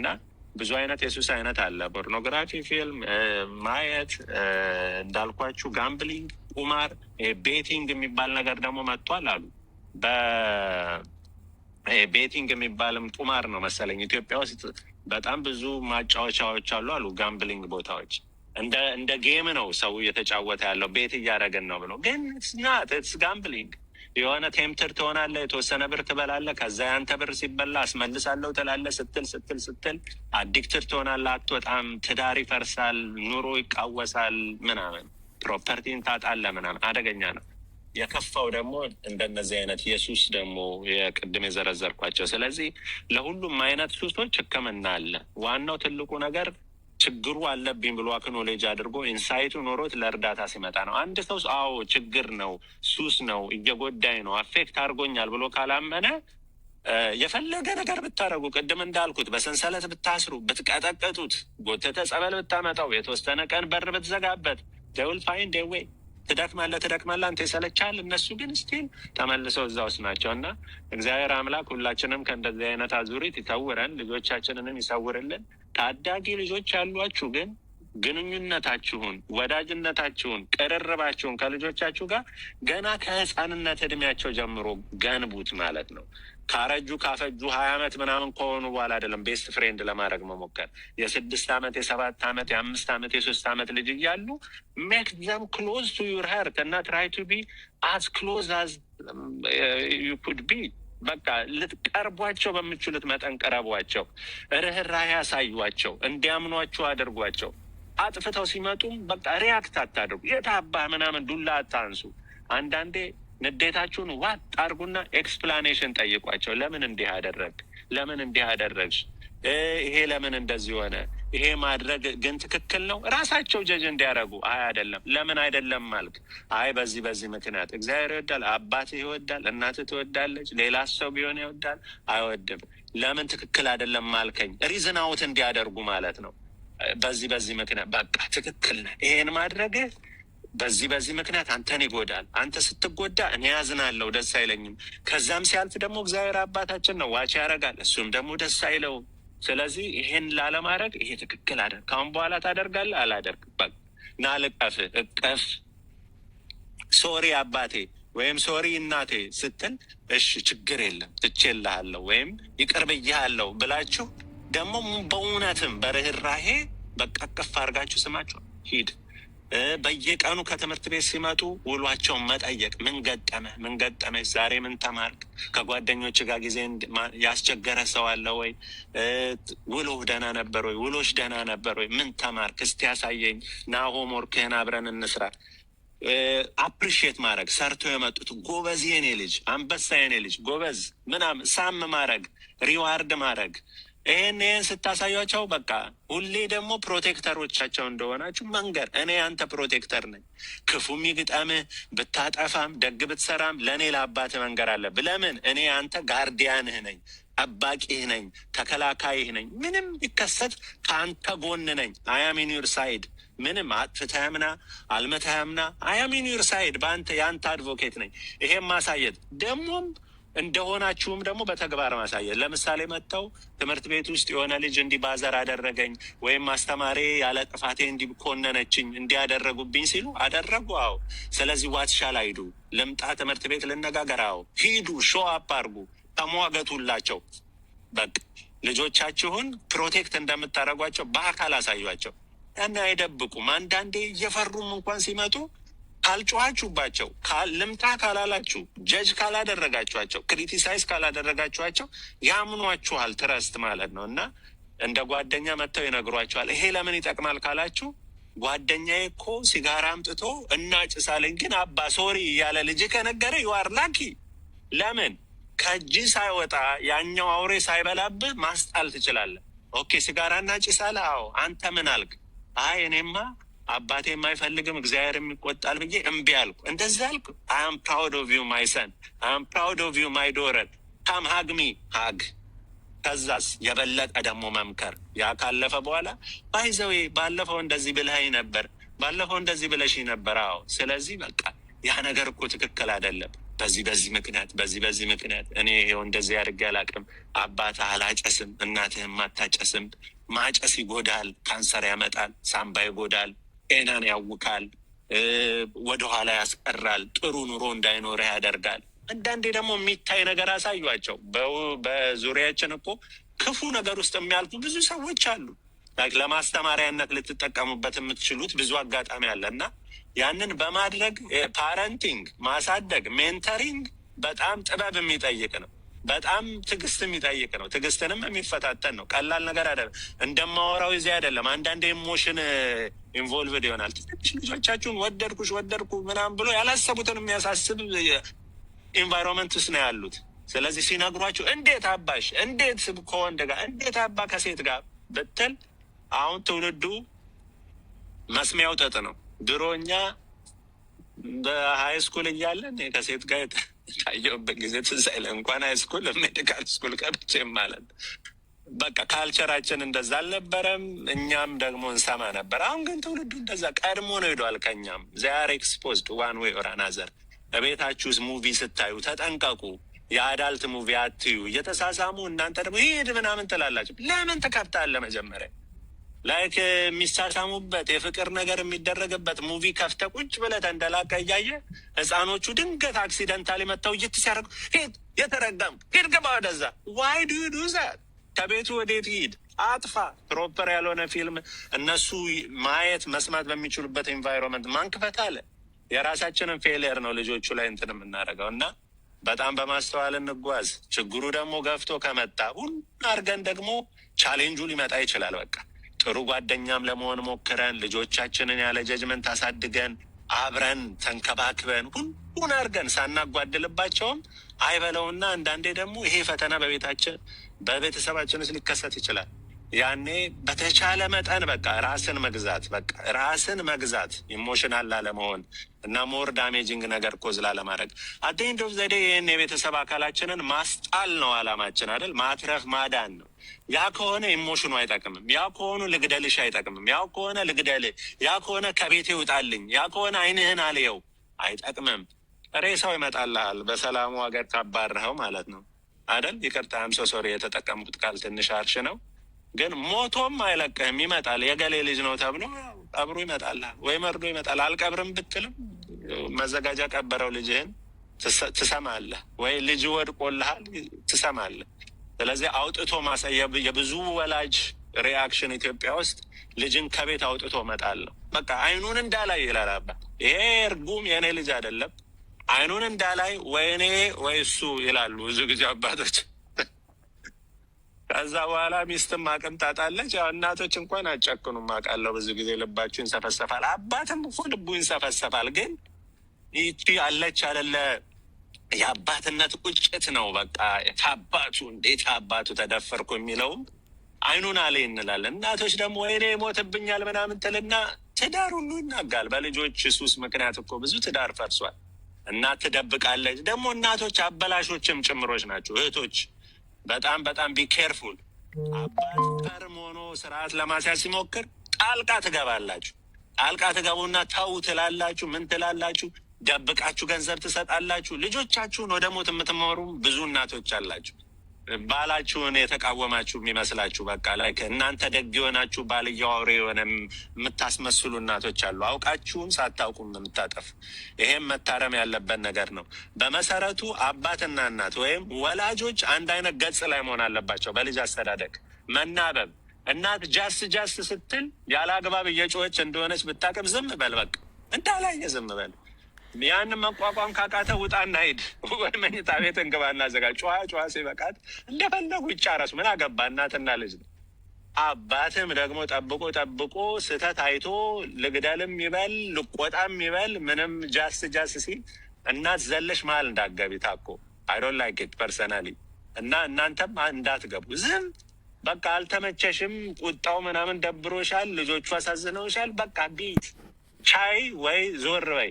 እና ብዙ አይነት የሱስ አይነት አለ። ፖርኖግራፊ ፊልም ማየት፣ እንዳልኳችሁ ጋምብሊንግ፣ ቁማር፣ ቤቲንግ የሚባል ነገር ደግሞ መጥቷል አሉ። ቤቲንግ የሚባልም ቁማር ነው መሰለኝ ኢትዮጵያ ውስጥ በጣም ብዙ ማጫወቻዎች አሉ አሉ ጋምብሊንግ ቦታዎች እንደ ጌም ነው ሰው እየተጫወተ ያለው ቤት እያደረገን ነው ብሎ ግን ስናት ስ ጋምብሊንግ የሆነ ቴምትር ትሆናለህ፣ የተወሰነ ብር ትበላለህ። ከዛ ያንተ ብር ሲበላ አስመልሳለሁ ትላለህ። ስትል ስትል ስትል አዲክትር ትሆናለህ። አትወጣም። ትዳር ይፈርሳል፣ ኑሮ ይቃወሳል፣ ምናምን ፕሮፐርቲን ታጣለህ፣ ምናምን አደገኛ ነው። የከፋው ደግሞ እንደነዚህ አይነት የሱስ ደግሞ የቅድም የዘረዘርኳቸው። ስለዚህ ለሁሉም አይነት ሱሶች ሕክምና አለ። ዋናው ትልቁ ነገር ችግሩ አለብኝ ብሎ አክኖሌጅ አድርጎ ኢንሳይቱ ኖሮት ለእርዳታ ሲመጣ ነው። አንድ ሰው አዎ ችግር ነው፣ ሱስ ነው፣ እየጎዳኝ ነው፣ አፌክት አድርጎኛል ብሎ ካላመነ የፈለገ ነገር ብታደረጉ ቅድም እንዳልኩት በሰንሰለት ብታስሩ፣ ብትቀጠቀጡት፣ ጎተተ ጸበል ብታመጣው፣ የተወሰነ ቀን በር ብትዘጋበት ደውል ፋይን ደዌ ትደክማለ ትደክማለህ፣ አንተ ይሰለቻል። እነሱ ግን ስቲል ተመልሰው እዛ ውስጥ ናቸው። እና እግዚአብሔር አምላክ ሁላችንም ከእንደዚህ አይነት አዙሪት ይሰውረን፣ ልጆቻችንንም ይሰውርልን። ታዳጊ ልጆች ያሏችሁ ግን ግንኙነታችሁን፣ ወዳጅነታችሁን፣ ቅርርባችሁን ከልጆቻችሁ ጋር ገና ከህፃንነት እድሜያቸው ጀምሮ ገንቡት ማለት ነው። ካረጁ ካፈጁ ሀያ ዓመት ምናምን ከሆኑ በኋላ አይደለም ቤስት ፍሬንድ ለማድረግ መሞከር። የስድስት ዓመት የሰባት ዓመት የአምስት ዓመት የሶስት ዓመት ልጅ እያሉ ሜክ ዘም ክሎዝ ቱ ዩር ሀርት እና ትራይ ቱ ቢ አዝ ክሎዝ አዝ ዩ ኩድ ቢ በቃ ልትቀርቧቸው በምችሉት መጠን ቀረቧቸው፣ ርኅራኄ ያሳዩቸው፣ እንዲያምኗቸው አድርጓቸው። አጥፍተው ሲመጡም በቃ ሪያክት አታድርጉ፣ የታባህ ምናምን ዱላ አታንሱ። አንዳንዴ ንዴታችሁን ዋጥ አድርጉና ኤክስፕላኔሽን ጠይቋቸው። ለምን እንዲህ አደረግ፣ ለምን እንዲህ አደረግ? ይሄ ለምን እንደዚህ ሆነ ይሄ ማድረግ ግን ትክክል ነው? ራሳቸው ጀጅ እንዲያደርጉ። አይ አይደለም፣ ለምን አይደለም ማልክ፣ አይ በዚህ በዚህ ምክንያት እግዚአብሔር ይወዳል፣ አባት ይወዳል፣ እናት ትወዳለች፣ ሌላ ሰው ቢሆን ይወዳል፣ አይወድም። ለምን ትክክል አይደለም ማልከኝ? ሪዝን አውት እንዲያደርጉ ማለት ነው። በዚህ በዚህ ምክንያት በቃ ትክክል ነህ፣ ይሄን ማድረግ በዚህ በዚህ ምክንያት አንተን ይጎዳል። አንተ ስትጎዳ እኔ ያዝናለው ደስ አይለኝም። ከዛም ሲያልፍ ደግሞ እግዚአብሔር አባታችን ነው፣ ዋች ያደርጋል፣ እሱም ደግሞ ደስ አይለውም። ስለዚህ ይሄን ላለማድረግ ይሄ ትክክል አደርግ ካሁን በኋላ ታደርጋለ አላደርግ ና ልቀፍ እቀፍ ሶሪ አባቴ ወይም ሶሪ እናቴ ስትል እሺ ችግር የለም ትቼልሃለሁ ወይም ይቅር ብላችሁ ደግሞ በእውነትም በርህራሄ በቃ ቅፍ አድርጋችሁ ስማችሁ ሂድ በየቀኑ ከትምህርት ቤት ሲመጡ ውሏቸውን መጠየቅ፣ ምን ገጠመ፣ ምን ገጠመች፣ ዛሬ ምን ተማርክ፣ ከጓደኞች ጋር ጊዜ ያስቸገረ ሰው አለ ወይ፣ ውሎህ ደህና ነበር ወይ፣ ውሎች ደህና ነበር ወይ፣ ምን ተማርክ እስቲ ያሳየኝ፣ ና ሆምወርክህን አብረን እንስራ። አፕሪሺየት ማድረግ ሰርቶ የመጡት ጎበዝ፣ የኔ ልጅ፣ አንበሳ፣ የኔ ልጅ፣ ጎበዝ ምናምን ሳም ማድረግ ሪዋርድ ማድረግ ይህን ይህን ስታሳያቸው በቃ ሁሌ ደግሞ ፕሮቴክተሮቻቸው እንደሆናችሁ መንገር። እኔ አንተ ፕሮቴክተር ነኝ። ክፉም ይግጠምህ፣ ብታጠፋም፣ ደግ ብትሰራም ለእኔ ለአባት መንገር አለ። ለምን? እኔ አንተ ጋርዲያንህ ነኝ፣ ጠባቂህ ነኝ፣ ተከላካይህ ነኝ። ምንም ይከሰት ከአንተ ጎን ነኝ። አያሚኒር ሳይድ ምንም አጥፍተህምና አልመተህምና አያሚኒር ሳይድ በአንተ የአንተ አድቮኬት ነኝ። ይሄም ማሳየት ደግሞም እንደሆናችሁም ደግሞ በተግባር ማሳየት። ለምሳሌ መጥተው ትምህርት ቤት ውስጥ የሆነ ልጅ እንዲህ ባዘር አደረገኝ ወይም አስተማሪ ያለ ጥፋቴ እንዲኮነነችኝ እንዲያደረጉብኝ ሲሉ አደረጉ። አዎ። ስለዚህ ላይ ሂዱ፣ ልምጣ ትምህርት ቤት ልነጋገር። አዎ፣ ሂዱ፣ ሾ አፕ ተሟገቱላቸው። በቃ ልጆቻችሁን ፕሮቴክት እንደምታደርጓቸው በአካል አሳዩቸው ያን አይደብቁም። አንዳንዴ እየፈሩም እንኳን ሲመጡ ካልጮኋችሁባቸው፣ ልምታ ካላላችሁ፣ ጀጅ ካላደረጋችኋቸው፣ ክሪቲሳይዝ ካላደረጋችኋቸው ያምኗችኋል። ትረስት ማለት ነው እና እንደ ጓደኛ መጥተው ይነግሯችኋል። ይሄ ለምን ይጠቅማል ካላችሁ ጓደኛዬ እኮ ሲጋራ አምጥቶ እናጭሳለን፣ ግን አባ ሶሪ እያለ ልጅ ከነገረ ይዋር ላኪ። ለምን ከእጅ ሳይወጣ ያኛው አውሬ ሳይበላብህ ማስጣል ትችላለህ። ኦኬ ሲጋራ እናጭሳለህ። አዎ አንተ ምን አልክ? አይ እኔማ አባቴ የማይፈልግም እግዚአብሔር የሚቆጣል ብዬ እምቢ አልኩ። እንደዚህ አልኩ። አም ፕራውድ ኦፍ ዩ ማይ ሰን፣ አም ፕራውድ ኦፍ ዩ ማይ ዶረር፣ ካም ሀግሚ ሀግ። ከዛስ የበለጠ ደግሞ መምከር። ያ ካለፈ በኋላ ባይዘዌ ባለፈው እንደዚህ ብልሃኝ ነበር፣ ባለፈው እንደዚህ ብለሽ ነበር። አዎ፣ ስለዚህ በቃ ያ ነገር እኮ ትክክል አይደለም። በዚህ በዚህ ምክንያት በዚህ በዚህ ምክንያት እኔ ይኸው እንደዚህ አድርጌ አላቅም። አባትህ አላጨስም፣ እናትህም አታጨስም። ማጨስ ይጎዳል፣ ካንሰር ያመጣል፣ ሳምባ ይጎዳል ጤናን ያውካል፣ ወደኋላ ያስቀራል፣ ጥሩ ኑሮ እንዳይኖር ያደርጋል። አንዳንዴ ደግሞ የሚታይ ነገር አሳዩቸው። በዙሪያችን እኮ ክፉ ነገር ውስጥ የሚያልፉ ብዙ ሰዎች አሉ። ለማስተማሪያነት ልትጠቀሙበት የምትችሉት ብዙ አጋጣሚ አለ እና ያንን በማድረግ ፓረንቲንግ ማሳደግ፣ ሜንተሪንግ በጣም ጥበብ የሚጠይቅ ነው። በጣም ትዕግስት የሚጠይቅ ነው። ትዕግስትንም የሚፈታተን ነው። ቀላል ነገር አይደለም። እንደማወራው ይዜ አይደለም። አንዳንድ ኢሞሽን ኢንቮልቭድ ይሆናል። ትንሽ ልጆቻችሁን ወደድኩሽ ወደድኩ ምናምን ብሎ ያላሰቡትን የሚያሳስብ ኢንቫይሮንመንት ውስጥ ነው ያሉት። ስለዚህ ሲነግሯችሁ እንዴት አባሽ እንዴት ከወንድ ጋር እንዴት አባ ከሴት ጋር ብትል አሁን ትውልዱ መስሚያው ጥጥ ነው። ድሮ እኛ በሀይ ስኩል እያለን ከሴት ጋር ያየሁበት ጊዜ ትዝ አይልም። እንኳን ሃይስኩል ሜዲካል ስኩል ቀብቼ ማለት በቃ ካልቸራችን እንደዛ አልነበረም። እኛም ደግሞ እንሰማ ነበር። አሁን ግን ትውልዱ እንደዛ ቀድሞ ነው ሄዷል ከኛም። ዚያር ኤክስፖዝድ ዋን ዌይ ኦር አናዘር። በቤታችሁ ሙቪ ስታዩ ተጠንቀቁ። የአዳልት ሙቪ አትዩ። እየተሳሳሙ እናንተ ደግሞ ይሄድ ምናምን ትላላችሁ። ለምን ትከፍታለህ መጀመሪያ ላይክ የሚሳሳሙበት የፍቅር ነገር የሚደረግበት ሙቪ ከፍተ ቁጭ ብለህ ተንደላቀ እያየ ህፃኖቹ ድንገት አክሲደንታሊ መጥተው እይት ሲያደርጉ ሂድ፣ የተረገም ሂድ፣ ግባ ወደዛ። ዋይ ዱ ዱ ዛት ከቤቱ ወዴት ይሂድ? አጥፋ። ፕሮፐር ያልሆነ ፊልም እነሱ ማየት መስማት በሚችሉበት ኢንቫይሮንመንት ማንክፈት አለ። የራሳችንን ፌሊየር ነው ልጆቹ ላይ እንትን የምናደርገው እና በጣም በማስተዋል እንጓዝ። ችግሩ ደግሞ ገፍቶ ከመጣ ሁሉ አድርገን ደግሞ ቻሌንጁ ሊመጣ ይችላል በቃ ጥሩ ጓደኛም ለመሆን ሞክረን ልጆቻችንን ያለ ጀጅመንት አሳድገን አብረን ተንከባክበን ሁሉን አድርገን ሳናጓድልባቸውም አይበለውና አንዳንዴ ደግሞ ይሄ ፈተና በቤታችን በቤተሰባችን ውስጥ ሊከሰት ይችላል። ያኔ በተቻለ መጠን በቃ ራስን መግዛት በቃ ራስን መግዛት ኢሞሽናል ላለመሆን እና ሞር ዳሜጂንግ ነገር ኮዝ ላለማድረግ አደንድ ኦፍ ዘዴ ይህን የቤተሰብ አካላችንን ማስጣል ነው አላማችን አይደል? ማትረፍ ማዳን ነው። ያ ከሆነ ኢሞሽኑ አይጠቅምም። ያ ከሆኑ ልግደልሽ አይጠቅምም። ያ ከሆነ ልግደል፣ ያ ከሆነ ከቤት ይውጣልኝ፣ ያ ከሆነ አይንህን አልየው አይጠቅምም። ሬሳው ይመጣልሃል በሰላሙ ሀገር ካባረኸው ማለት ነው አይደል? ይቅርታ አምሶ ሶሪ የተጠቀምኩት ቃል ትንሽ አርሽ ነው። ግን ሞቶም አይለቅህም። ይመጣል። የገሌ ልጅ ነው ተብሎ ቀብሩ ይመጣል፣ ወይ መርዶ ይመጣል። አልቀብርም ብትልም መዘጋጃ ቀበረው ልጅህን ትሰማለህ፣ ወይ ልጅ ወድቆልሃል ትሰማለህ። ስለዚህ አውጥቶ ማሳየብ የብዙ ወላጅ ሪያክሽን ኢትዮጵያ ውስጥ ልጅን ከቤት አውጥቶ እመጣለሁ በቃ አይኑን እንዳላይ ይላል አባት። ይሄ እርጉም የእኔ ልጅ አይደለም አይኑን እንዳላይ ወይኔ ወይ እሱ ይላሉ ብዙ ጊዜ አባቶች። ከዛ በኋላ ሚስትም አቅም ታጣለች። ያው እናቶች እንኳን አጨክኑ አውቃለሁ። ብዙ ጊዜ ልባችሁ ይንሰፈሰፋል፣ አባትም እኮ ልቡ ይንሰፈሰፋል። ግን ይቺ አለች አለለ የአባትነት ቁጭት ነው። በቃ ታባቱ እንዴት አባቱ ተደፈርኩ የሚለውም አይኑን አለ እንላለን። እናቶች ደግሞ ወይኔ ይሞትብኛል ምናምን ትልና ትዳር ሁሉ ይናጋል። በልጆች ሱስ ምክንያት እኮ ብዙ ትዳር ፈርሷል። እናት ትደብቃለች። ደግሞ እናቶች አበላሾችም ጭምሮች ናቸው እህቶች በጣም በጣም ኬርፉል። አባት ፈርም ሆኖ ስርዓት ለማስያዝ ሲሞክር ጣልቃ ትገባላችሁ። ጣልቃ ትገቡና ተው ትላላችሁ። ምን ትላላችሁ? ደብቃችሁ ገንዘብ ትሰጣላችሁ። ልጆቻችሁን ወደ ሞት የምትመሩ ብዙ እናቶች አላችሁ። ባላችሁን የተቃወማችሁ የሚመስላችሁ በቃ ላይ እናንተ ደግ የሆናችሁ ባልየው አውሬ የሆነ የምታስመስሉ እናቶች አሉ። አውቃችሁም ሳታውቁም የምታጠፉ። ይሄም መታረም ያለበት ነገር ነው። በመሰረቱ አባትና እናት ወይም ወላጆች አንድ አይነት ገጽ ላይ መሆን አለባቸው። በልጅ አስተዳደግ መናበብ እናት ጃስ ጃስ ስትል ያለ አግባብ እየጮኸች እንደሆነች ብታቅም ዝም በል በቃ እንዳላየ ዝም በል። ያንን መቋቋም ካቃተ ውጣ እናሄድ ወደ መኝታ ቤት እንግባ እናዘጋ ጨዋ ጨዋ ሲበቃት እንደፈለጉ ይጫረሱ። ምን አገባ? እናትና ልጅ ነው። አባትም ደግሞ ጠብቆ ጠብቆ ስህተት አይቶ ልግደልም ይበል ልቆጣም ይበል ምንም ጃስ ጃስ ሲል እናት ዘለሽ መሀል እንዳገቢ ታኮ አይዶን ላይክ ፐርሰናሊ እና እናንተም እንዳትገቡ ዝም በቃ አልተመቸሽም፣ ቁጣው ምናምን ደብሮሻል፣ ልጆቹ አሳዝነውሻል፣ በቃ ቢት ቻይ ወይ ዞር በይ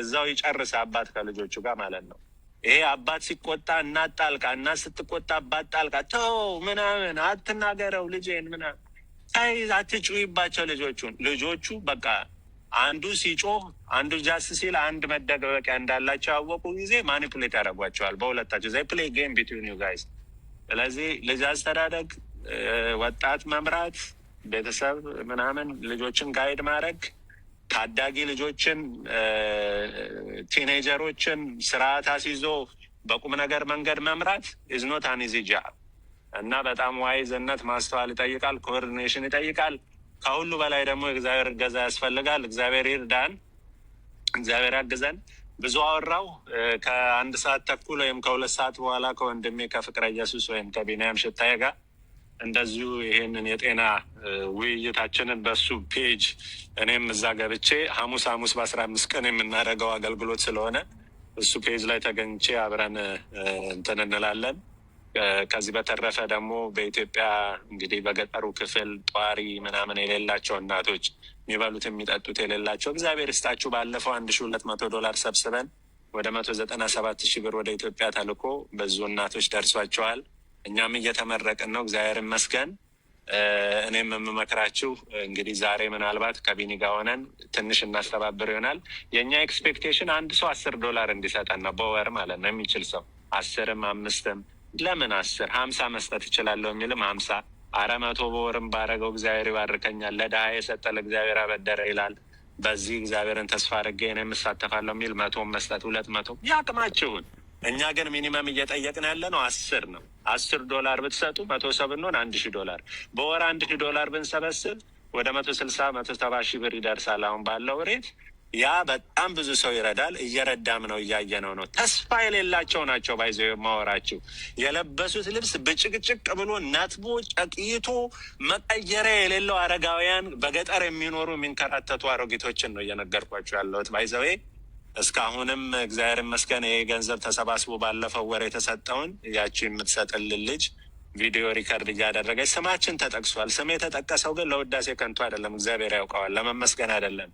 እዛው ይጨርስ አባት ከልጆቹ ጋር ማለት ነው። ይሄ አባት ሲቆጣ እናት ጣልቃ፣ እናት ስትቆጣ አባት ጣልቃ፣ ተው ምናምን አትናገረው ልጄን ምናምን ታይ አትጩይባቸው ልጆቹን። ልጆቹ በቃ አንዱ ሲጮህ አንዱ ጃስ ሲል አንድ መደበቂያ እንዳላቸው ያወቁ ጊዜ ማኒፕሌት ያደርጓቸዋል በሁለታቸው ዘይ ፕሌይ ጌም ቢትዊን ዩ ጋይስ። ስለዚህ ልጅ አስተዳደግ፣ ወጣት መምራት፣ ቤተሰብ ምናምን ልጆችን ጋይድ ማድረግ ታዳጊ ልጆችን ቲኔጀሮችን ስርዓት አስይዞ በቁም ነገር መንገድ መምራት ኢዝኖት አንዚ ጃብ እና በጣም ዋይዝነት ማስተዋል ይጠይቃል፣ ኮኦርዲኔሽን ይጠይቃል። ከሁሉ በላይ ደግሞ እግዚአብሔር እገዛ ያስፈልጋል። እግዚአብሔር ይርዳን፣ እግዚአብሔር ያግዘን። ብዙ አወራው። ከአንድ ሰዓት ተኩል ወይም ከሁለት ሰዓት በኋላ ከወንድሜ ከፍቅረ ኢየሱስ ወይም ከቢንያም ሽታዬ ጋር እንደዚሁ ይሄንን የጤና ውይይታችንን በሱ ፔጅ እኔም እዛ ገብቼ ሐሙስ ሐሙስ በአስራ አምስት ቀን የምናደርገው አገልግሎት ስለሆነ እሱ ፔጅ ላይ ተገኝቼ አብረን እንትን እንላለን። ከዚህ በተረፈ ደግሞ በኢትዮጵያ እንግዲህ በገጠሩ ክፍል ጧሪ ምናምን የሌላቸው እናቶች የሚበሉት የሚጠጡት የሌላቸው እግዚአብሔር ይስጣችሁ። ባለፈው አንድ ሺ ሁለት መቶ ዶላር ሰብስበን ወደ መቶ ዘጠና ሰባት ሺህ ብር ወደ ኢትዮጵያ ተልኮ ብዙ እናቶች ደርሷቸዋል። እኛም እየተመረቅን ነው። እግዚአብሔር ይመስገን። እኔም የምመክራችሁ እንግዲህ ዛሬ ምናልባት ከቢኒ ጋር ሆነን ትንሽ እናስተባብር ይሆናል። የእኛ ኤክስፔክቴሽን አንድ ሰው አስር ዶላር እንዲሰጠን ነው፣ በወር ማለት ነው። የሚችል ሰው አስርም አምስትም ለምን አስር ሀምሳ መስጠት እችላለሁ የሚልም ሀምሳ አረ መቶ በወርም ባረገው እግዚአብሔር ይባርከኛል። ለድሃ የሰጠ ለእግዚአብሔር አበደረ ይላል። በዚህ እግዚአብሔርን ተስፋ አድርጌ እኔም እሳተፋለሁ የሚል መቶም መስጠት ሁለት መቶ ያቅማችሁን እኛ ግን ሚኒመም እየጠየቅን ያለ ነው አስር ነው። አስር ዶላር ብትሰጡ መቶ ሰው ብንሆን አንድ ሺህ ዶላር በወር አንድ ሺህ ዶላር ብንሰበስብ ወደ መቶ ስልሳ መቶ ሰባ ሺህ ብር ይደርሳል አሁን ባለው ሬት። ያ በጣም ብዙ ሰው ይረዳል። እየረዳም ነው እያየ ነው። ነው ተስፋ የሌላቸው ናቸው። ባይዘ የማወራችው የለበሱት ልብስ ብጭቅጭቅ ብሎ ነትቦ ጨቅይቶ መቀየሪያ የሌለው አረጋውያን፣ በገጠር የሚኖሩ የሚንከራተቱ አሮጊቶችን ነው እየነገርኳቸው ያለሁት ባይዘዌ እስካሁንም እግዚአብሔር ይመስገን ይሄ ገንዘብ ተሰባስቦ ባለፈው ወር የተሰጠውን ያቺ የምትሰጥልን ልጅ ቪዲዮ ሪከርድ እያደረገች ስማችን ተጠቅሷል። ስም የተጠቀሰው ግን ለውዳሴ ከንቱ አይደለም። እግዚአብሔር ያውቀዋል። ለመመስገን አይደለም።